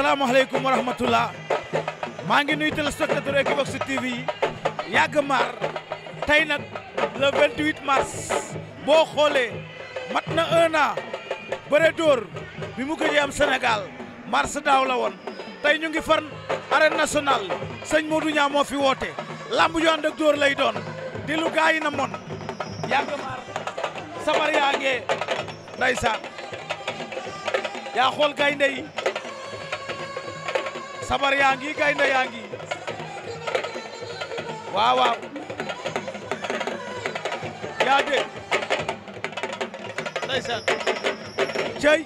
asalaamaaleykum wa rahmatullah maa ngi nuyu téléspectateur Equivox TV yi yàgg maar tey nag le 28 mars boo xoolee mat na un an bëre dóor bi mu gëjee am Sénégal mars daaw la woon tey ñu ngi fan arène nationale sëñ Modou Niang moo fi woote lamb ju ànd ak dóor lay doon di lu gaa yi na mon yàgg maar sabar yaa ngee ndeysaan yaa xool gaynde yi sabar yaa ngi gaynde yaa ngi waaw waaw yaa dégg ndeysaan cey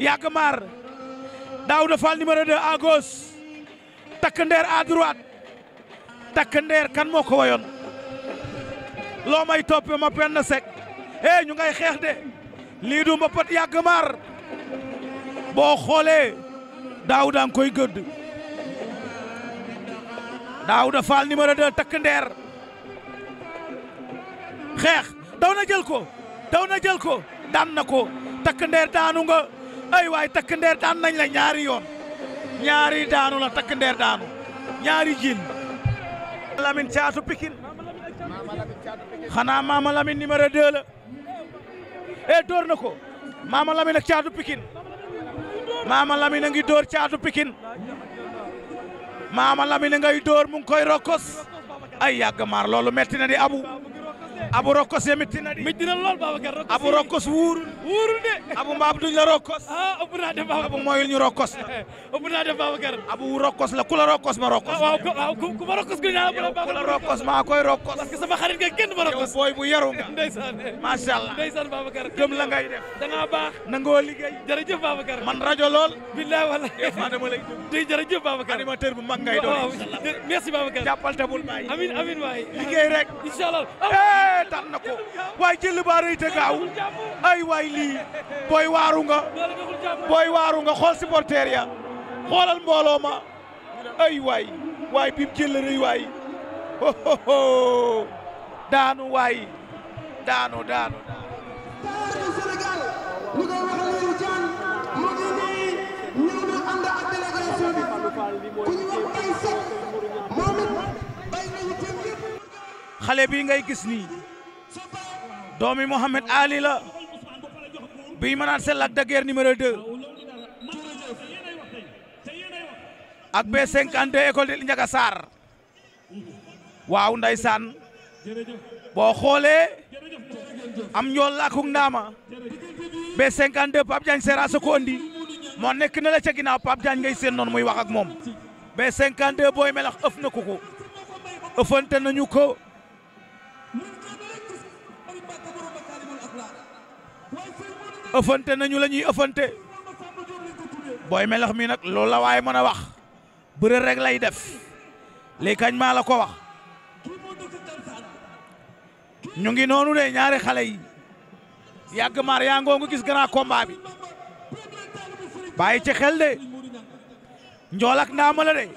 yàgg maar Daouda Fall numéro 2 à gauche takk ndeer à takk ndeer kan moo ko wayoon loo may toppe ma penn sec eh ñu ngay xeex de lii du mbapat yàgg maar boo xoolee Daouda nga koy gëdd Daouda mën a 2 takk ndeer xeex daw na jël ko daw na jël ko daan na ko takk ndeer daanu nga ay waay takk ndeer daan la ñaari yoon ñaari daanu la takk ndeer daanu ñaari jin Lamine caatu Pikine xanaa Mama Lamine numéro 2 la e door na ko Mama Lamine ak caatu Pikine Mama Lamine a ngi door caatu Pikine Mama Lamine ngay door mu ngi koy rokkos ay yàgg maar loolu metti na di abu abu rokkos ya mittina di mittina lool Babacar rokkos abu rokkos wuurul wuurul de abu mbaab duñ la rokkos ah, abu moyul rokkos ëpp naa def Babacar abu rokkos la ku rokkos ma rokkos ah, waaw waaw ku ma rokkos gën naa rokkos maa koy rokkos parce que sama xarit nga kenn ma rokkos eh. amin amin waay liggéey rek daan na ko waaye jël ba rëy te gaaw ay waay lii booy waaru nga booy waaru nga xool supporter ya xoolal mbooloo ma ay waay waay bi mu rëy waay daanu waay daanu daanu xale bi ngay gis nii doomi Mohamed Ali la bi mën a seet Lac de Guiers numéro 2 ak B52 école de Ndiaga Sarr waaw ndeysaan boo xoolee am njool la akuk ndaama B52 Pape Diagne Seras a ko andi moo nekk na la ca ginnaaw Pape Diagne ngay noonu muy wax ak moom B52 booy melax ëf na ko ëffante nañu lañuy ñuy ëffante booy melax mi nag loolu la waaye mën a wax bëre rek lay def lii kañ maa la ko wax ñu ngi noonu de ñaari xale yi yàgg maar yaa ngoo nga gis ganaa combat bi bàyyi ci xel de njool ak ndaama la de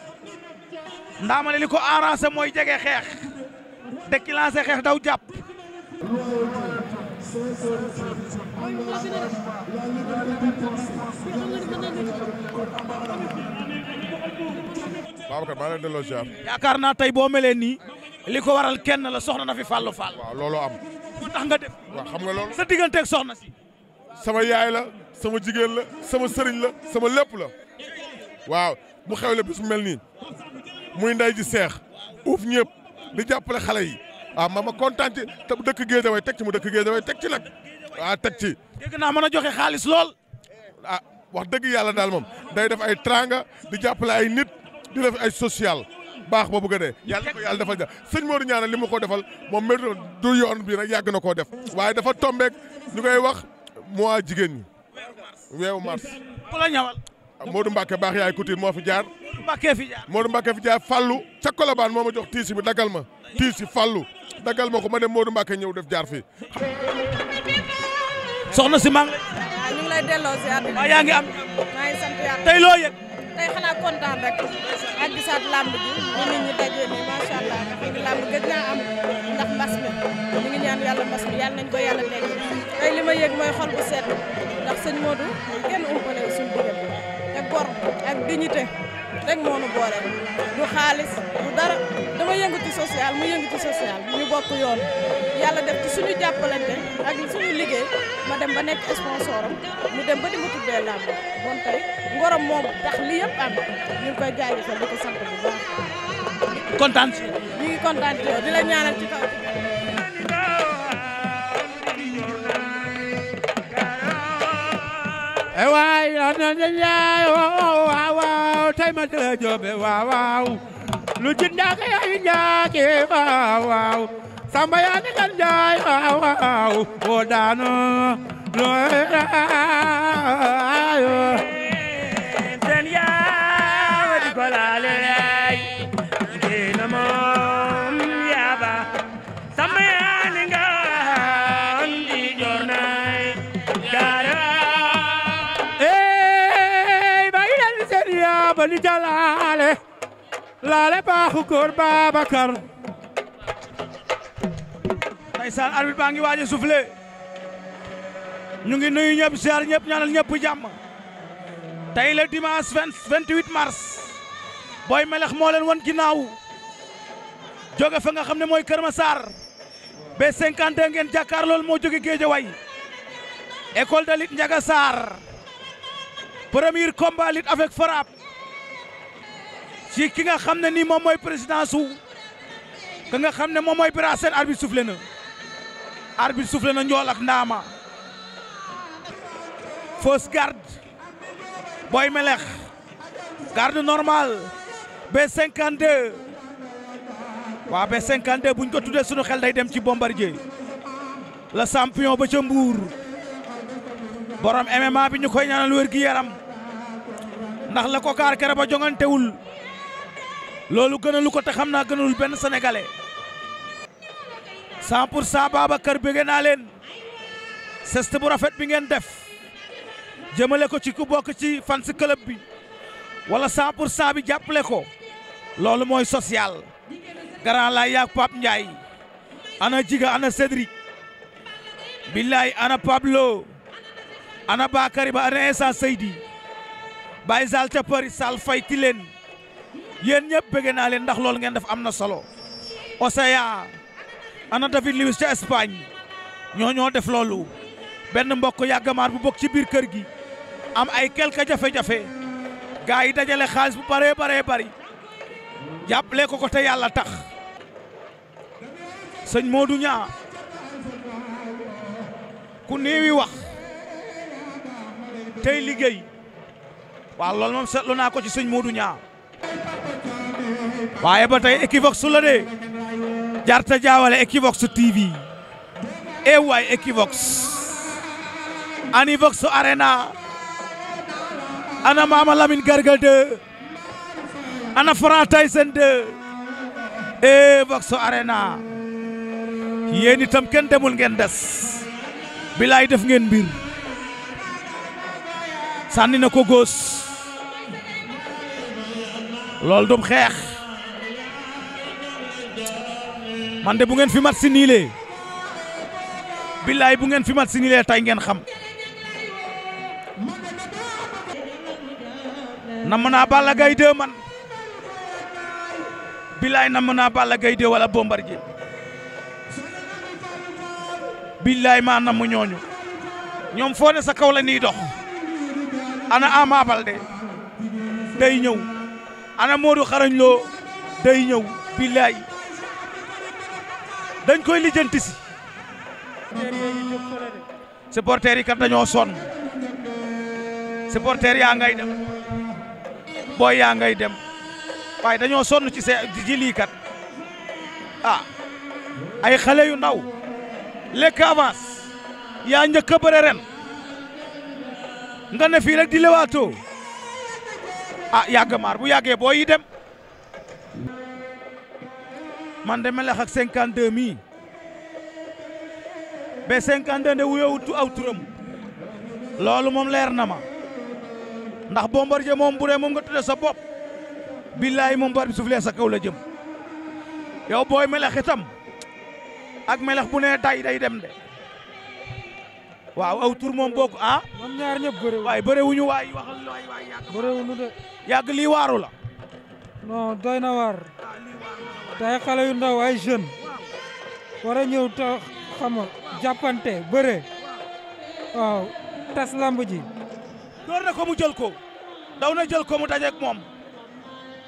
ndaama li ko arrangé mooy jege xeex déclenché xeex daw jàpp Babacar maa leen delloo yaakaar naa tey boo melee nii li ko waral kenn la soxna na fi Fallou Fall. waaw am. moo nga def. xam nga loolu. sa digganteeg soxna si. sama yaay la sama jigéen la sama sëriñ la sama lépp la waaw mu xewle bis mu mel nii muy nday seex uuf ñëpp di jàppale xale yi waaw ah, ma ma kontaan ci te dëkk Géejawaay teg ci mu dëkk Géejawaay teg ci nag waa ah, teg ci. dégg naa mën a joxe xaalis lool. a ah, wax dëgg yàlla daal moom day def ay tranga di jàppale ay nit di def ay social baax ba bëgg a yàlla ko yàlla defal ja sëñ Modou Niane li ma ko defal moom mérite du yoon bi yàgg na koo def. waaye dafa tombeek ñu koy wax mois jigéen ñi. weewu mars. ku la ñawal. Ah, Modou Mbacke baax yaay Couture moo fi jaar. Mbacke fi jaar Modou Mbacke fi jaar Fallou. ca Colobane moo ma jox tiisi bi dagal ma. tiisi Fallou dagal ma ko ma dem Modou Mbacke ñëw def jaar fii. soxna si maa ngi lay. ñu ngi lay delloo si àdduna. yaa ngi am. maa sant yàlla tey loo yëg. tey xanaa kontaan rek. ak gisaat làmb ji ñu nit ñi dajee nii macha allah nga xam ne làmb gëj naa am ndax mbas mi ñu ngi ñaan yàlla mbas mi yàlla nañ ko yàlla teg tey li ma yëg mooy xol bu sedd ndax sëñ Modou kenn umpale suñu diggante te gor ak dignité rek moo nu boole du xaalis du dara dama yëngu ci social mu yëngu ci social ñu bokk yoon yàlla def ci suñu jàppalante ak suñu liggéey ma dem ba nekk sponsoram mu dem ba di ma tuddee làmb bon tey ngorom moom tax li yëpp am ñu koy jaajëfal di ko sant bu baax. kontaan si. ñu ngi kontaan ci yow di la ñaanal ci kaw. tay ma tëë joobe waaw waaw lu jindaake ay njaake waaw waaw samba yaa ni kan njaay waaw waaw oo daanu looy raayo ten yaa ko laale ba di jalaale baa ngi waaj a soufflé ñu ngi nuyu ñëpp ziar ñëpp ñaanal ñëpp jàmm tey la dimanche 28 mars Boy Melex moo leen wan ginnaaw jóge fa nga xam ne mooy Kër Massar ba 52 ngeen jàkkaar loolu moo jóge Géejawaay école de lutte Ndiaga Sarr premier combat lutte avec ci ki nga xam ne nii moom mooy président su ka nga xam ne moom mooy Bira Sène arbitre na arbitre soufflé na njool ak ndaama fausse garde booy melex garde normale b waa B52 buñ ko tuddee sunu xel day dem ci Bombardier la champion ba ca Mbour borom MMA bi ñu koy ñaanal wér gi yaram ndax la ko kaar kere ba jongantewul loolu gënalu ko te xam naa gënalul benn sénégalais 100 pour cent Babacar naa leen geste bu rafet bi ngeen def jëmale ko ci ku bokk ci si club bi wala 100 saabi cent bi jàppale ko loolu mooy social grand laay yaag Pape Ndiaye ana Jiga ana Cédric billaay ana Pablo ana Bakary ba ana Insa Seydi Baye Sall ca Paris Sall fay ti yéen ñëpp bëgg naa leen ndax loolu ngeen def am na solo Oseya ana David Luiz ca Espagne ñoo ñoo def loolu benn mbokk yàggamaar bu bokk ci biir kër gi am ay quelque jafe-jafe gaa yi dajale xaalis bu baree baree bari jàppale ko ko te yàlla tax sëñ Modou ñaa ku néewi wax tey liggéey waaw loolu moom seetlu naa ko ci sëñ Modou ñaa waaye ba tey Equivox la de jarta jaawale Equivox TV e waay Equivox Anivox Arena ana Mama Lamine ana Franc Tyson 2 e Vox Arena yéen itam kenn demul ngeen des bilaay def ngeen mbir sànni na ko góos lool dum man de bu ngeen fi mat si niilee billaay bu ngeen fi mat si niilee tey ngeen xam namm naa Balla Gaye 2 man billaay namm naa Balla gay 2 wala Bombardier billaay maa namm ñooñu ñoom foo ne sa kaw la nii dox ana Ama Baldé day ñëw ana Modou Xarañ Lo day ñëw billaay dañ koy lijjanti si supporters yi kat dañoo sonn supporters yaa ngay dem booy yaa ngay dem waaye dañoo sonn ci see ci lii kat ah ay xale yu ndaw lekk avance yaa njëkk a bëre ren nga fii rek di lewaatoo ah yàgg maar bu yàggee booy yi dem man de melex ak 52 mii ba 52 de wuyoowutu aw turam loolu moom leer na ma ndax Bombardier moom bu dee moom nga tudde sa bopp billaay moom bar bi suuf lee sa kaw la jëm yow booy melex itam ak melex bu ne day day dem de waaw aw tur moom bokk ah. moom ñaar waaye bëre wu waay waxal yàgg. lii waaru la. day xale yu ndaw ay jeune war a ñëw ta xam nga jàppante bëre waaw tas lamb ji door na ko mu jël ko daw na jël ko mu dajeek moom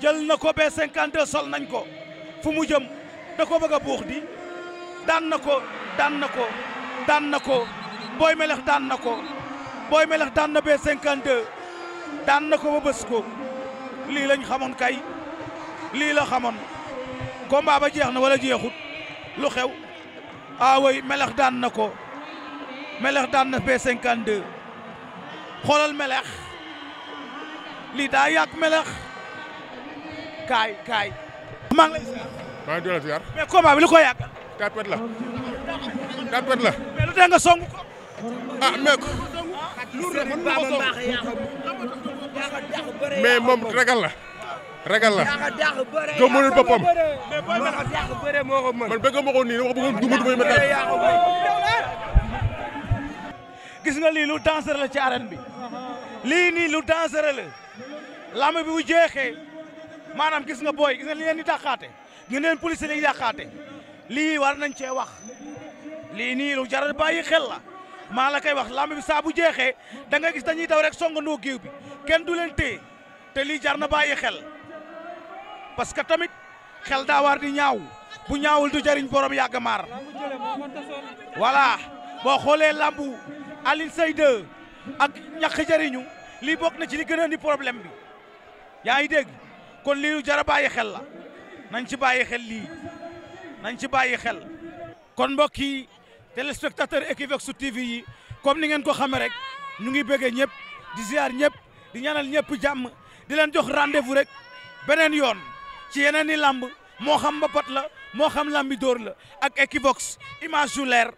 jël na ko ba 52 sol nañ ko fu mu jëm da ko bëgg buux di daan na ko daan na ko daan na ko booy melex daan na ko booy melex daan na ba 52 daan na ko ba bës ko lii lañ xamoon kay lii la xamoon combat ba jeex na wala jeexut lu xew aaway melex daan na ko melex daan na P52 xoolal melex lii daa yàq melex kaay kaay. maa ngi maa ngi doon ziar. mais combat lu ko yàggal. tapet la tapet la. mais lu dee nga song ah mais. ko song mais moom ragal la. ragal la gëmmul boppam man bëgg ma ko nii dama ko bëggoon duma gis nga lii lu dangereux la ci arène bi lii nii lu dangereux la lamb bi bu jeexee maanaam gis nga booy gis nga li leen di dàqaate ngi leen police li lii war nañ cee wax lii nii lu jar bàyyi xel la maa la koy wax lamb bi saa bu jeexee da nga gis dañuy daw rek songandoo géew bi kenn du leen téye te lii jar na bàyyi xel parce que tamit xel daa war di ñaaw bu ñaawul du jëriñ borom yàgg maar voilà boo xoolee lambu Alioune Seye ak ñàkk jariñu lii bokk na ci li gën a problème bi yaa ngi dégg kon lii lu jar a bàyyi xel la nañ ci bàyyi xel lii nañ ci bàyyi xel kon mbokk yi téléspectateur Equivox TV yi comme ni ngeen ko xamee rek ñu ngi bëggee ñëpp di ziar ñëpp di ñaanal ñëpp jàmm di leen jox rendez-vous rek beneen yoon ci yeneen i làmb moo xam mbapat la moo xam làmbi dóor la ak Equivox image yu leer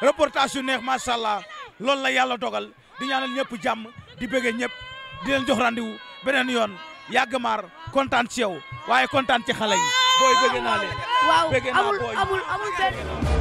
reportage yu neex macha allah loolu la yàlla dogal di ñaanal ñëpp jàmm di bëggee ñëpp di leen jox beneen yoon yàgg maar kontaan ci yow waaye kontaan ci xale yi booy bëgg naa leen. waaw amul amul amul benn.